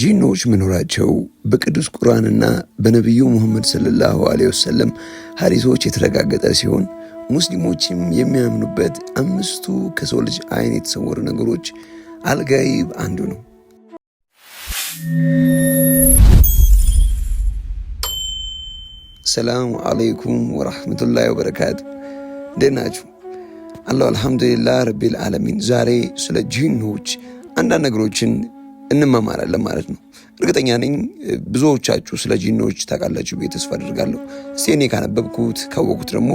ጂኖች መኖራቸው በቅዱስ ቁርአንና በነቢዩ ሙሐመድ ሰለላሁ ዐለይሂ ወሰለም ሐዲሶች የተረጋገጠ ሲሆን ሙስሊሞችም የሚያምኑበት አምስቱ ከሰው ልጅ አይን የተሰወሩ ነገሮች አልጋይብ አንዱ ነው። ሰላሙ ዓለይኩም ወራህመቱላሂ ወበረካቱ። እንዴት ናችሁ? አላሁ አልሐምዱሊላህ ረቢል ዓለሚን። ዛሬ ስለ ጂኖች አንዳንድ ነገሮችን እንመማራለን ማለት ነው። እርግጠኛ ነኝ ብዙዎቻችሁ ስለ ጂኖች ታውቃላችሁ ብዬ ተስፋ አድርጋለሁ። እስቲ እኔ ካነበብኩት ካወቁት ደግሞ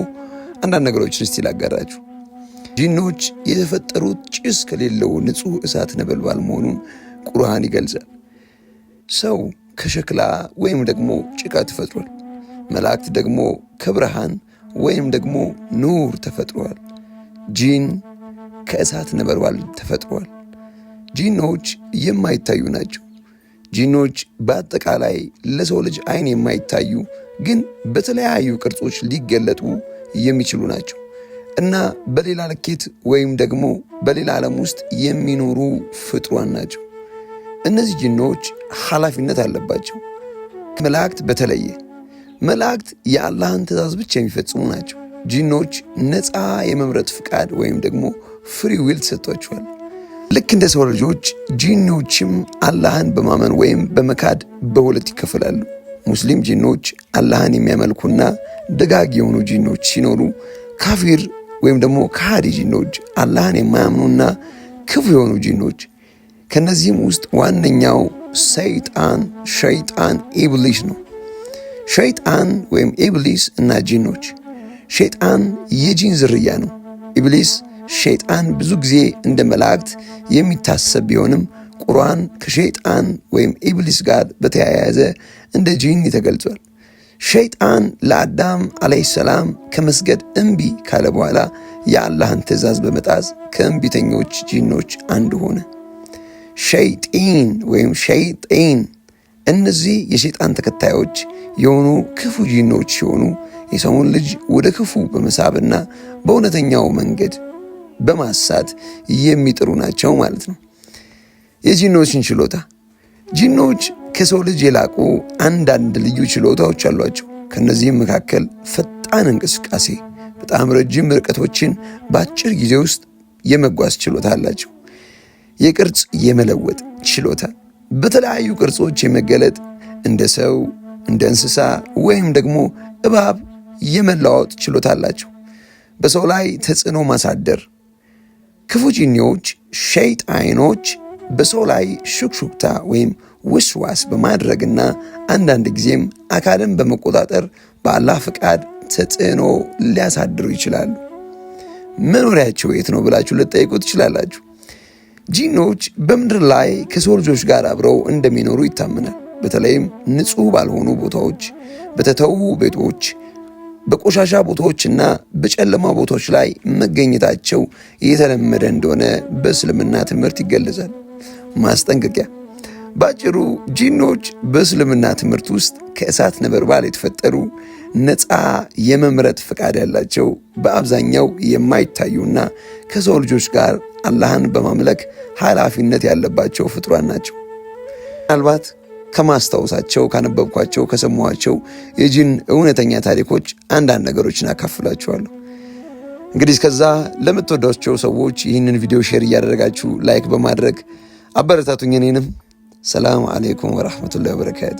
አንዳንድ ነገሮችን እስቲ ላጋራችሁ። ጂኖች የተፈጠሩት ጭስ ከሌለው ንጹህ እሳት ነበልባል መሆኑን ቁርሃን ይገልጻል። ሰው ከሸክላ ወይም ደግሞ ጭቃ ተፈጥሯል። መላእክት ደግሞ ከብርሃን ወይም ደግሞ ኑር ተፈጥሯል። ጂን ከእሳት ነበልባል ተፈጥሯል። ጂኖች የማይታዩ ናቸው። ጂኖች በአጠቃላይ ለሰው ልጅ አይን የማይታዩ ግን በተለያዩ ቅርጾች ሊገለጡ የሚችሉ ናቸው እና በሌላ ልኬት ወይም ደግሞ በሌላ ዓለም ውስጥ የሚኖሩ ፍጥሯን ናቸው። እነዚህ ጂኖች ኃላፊነት አለባቸው። መላእክት በተለየ መላእክት የአላህን ትእዛዝ ብቻ የሚፈጽሙ ናቸው። ጂኖች ነፃ የመምረጥ ፍቃድ ወይም ደግሞ ፍሪ ዊል ተሰጥቷቸዋል። ልክ እንደ ሰው ልጆች ጂኒዎችም አላህን በማመን ወይም በመካድ በሁለት ይከፈላሉ። ሙስሊም ጂኖች አላህን የሚያመልኩና ደጋግ የሆኑ ጂኖች ሲኖሩ፣ ካፊር ወይም ደግሞ ከሃዲ ጂኖች አላህን የማያምኑና ክፉ የሆኑ ጂኖች። ከእነዚህም ውስጥ ዋነኛው ሰይጣን ሸይጣን ኢብሊስ ነው። ሸይጣን ወይም ኢብሊስ እና ጂኖች። ሸይጣን የጂን ዝርያ ነው። ኢብሊስ ሸይጣን ብዙ ጊዜ እንደ መላእክት የሚታሰብ ቢሆንም ቁርአን ከሸይጣን ወይም ኢብሊስ ጋር በተያያዘ እንደ ጂኒ ተገልጿል። ሸይጣን ለአዳም ዓለይ ሰላም ከመስገድ እምቢ ካለ በኋላ የአላህን ትእዛዝ በመጣዝ ከእምቢተኞች ጂኖች አንዱ ሆነ። ሸይጢን ወይም ሸይጤን እነዚህ የሸይጣን ተከታዮች የሆኑ ክፉ ጂኖች ሲሆኑ የሰውን ልጅ ወደ ክፉ በመሳብና በእውነተኛው መንገድ በማሳት የሚጥሩ ናቸው ማለት ነው። የጂኖችን ችሎታ ጂኖች ከሰው ልጅ የላቁ አንዳንድ ልዩ ችሎታዎች አሏቸው። ከነዚህም መካከል ፈጣን እንቅስቃሴ፣ በጣም ረጅም ርቀቶችን በአጭር ጊዜ ውስጥ የመጓዝ ችሎታ አላቸው። የቅርጽ የመለወጥ ችሎታ፣ በተለያዩ ቅርጾች የመገለጥ እንደ ሰው፣ እንደ እንስሳ ወይም ደግሞ እባብ የመለዋወጥ ችሎታ አላቸው። በሰው ላይ ተጽዕኖ ማሳደር ክፉ ጂኒዎች፣ ሸይጣይኖች በሰው ላይ ሹክሹክታ ወይም ውስዋስ በማድረግና አንዳንድ ጊዜም አካልን በመቆጣጠር በአላህ ፍቃድ ተጽዕኖ ሊያሳድሩ ይችላሉ። መኖሪያቸው የት ነው ብላችሁ ልጠይቁ ትችላላችሁ። ጂኖች በምድር ላይ ከሰው ልጆች ጋር አብረው እንደሚኖሩ ይታመናል። በተለይም ንጹህ ባልሆኑ ቦታዎች፣ በተተዉ ቤቶች፣ በቆሻሻ ቦታዎችና በጨለማ ቦታዎች ላይ መገኘታቸው የተለመደ እንደሆነ በእስልምና ትምህርት ይገለጻል። ማስጠንቀቂያ በአጭሩ ጂኖች በእስልምና ትምህርት ውስጥ ከእሳት ነበርባል የተፈጠሩ ነፃ የመምረጥ ፈቃድ ያላቸው በአብዛኛው የማይታዩና ከሰው ልጆች ጋር አላህን በማምለክ ኃላፊነት ያለባቸው ፍጡራን ናቸው። ምናልባት ከማስታወሳቸው ካነበብኳቸው፣ ከሰማኋቸው የጂን እውነተኛ ታሪኮች አንዳንድ ነገሮችን አካፍላችኋለሁ። እንግዲህ ከዛ ለምትወዷቸው ሰዎች ይህንን ቪዲዮ ሼር እያደረጋችሁ ላይክ በማድረግ አበረታቱኝ። እኔንም ሰላም አሌይኩም ወራህመቱላሂ ወበረካቱ።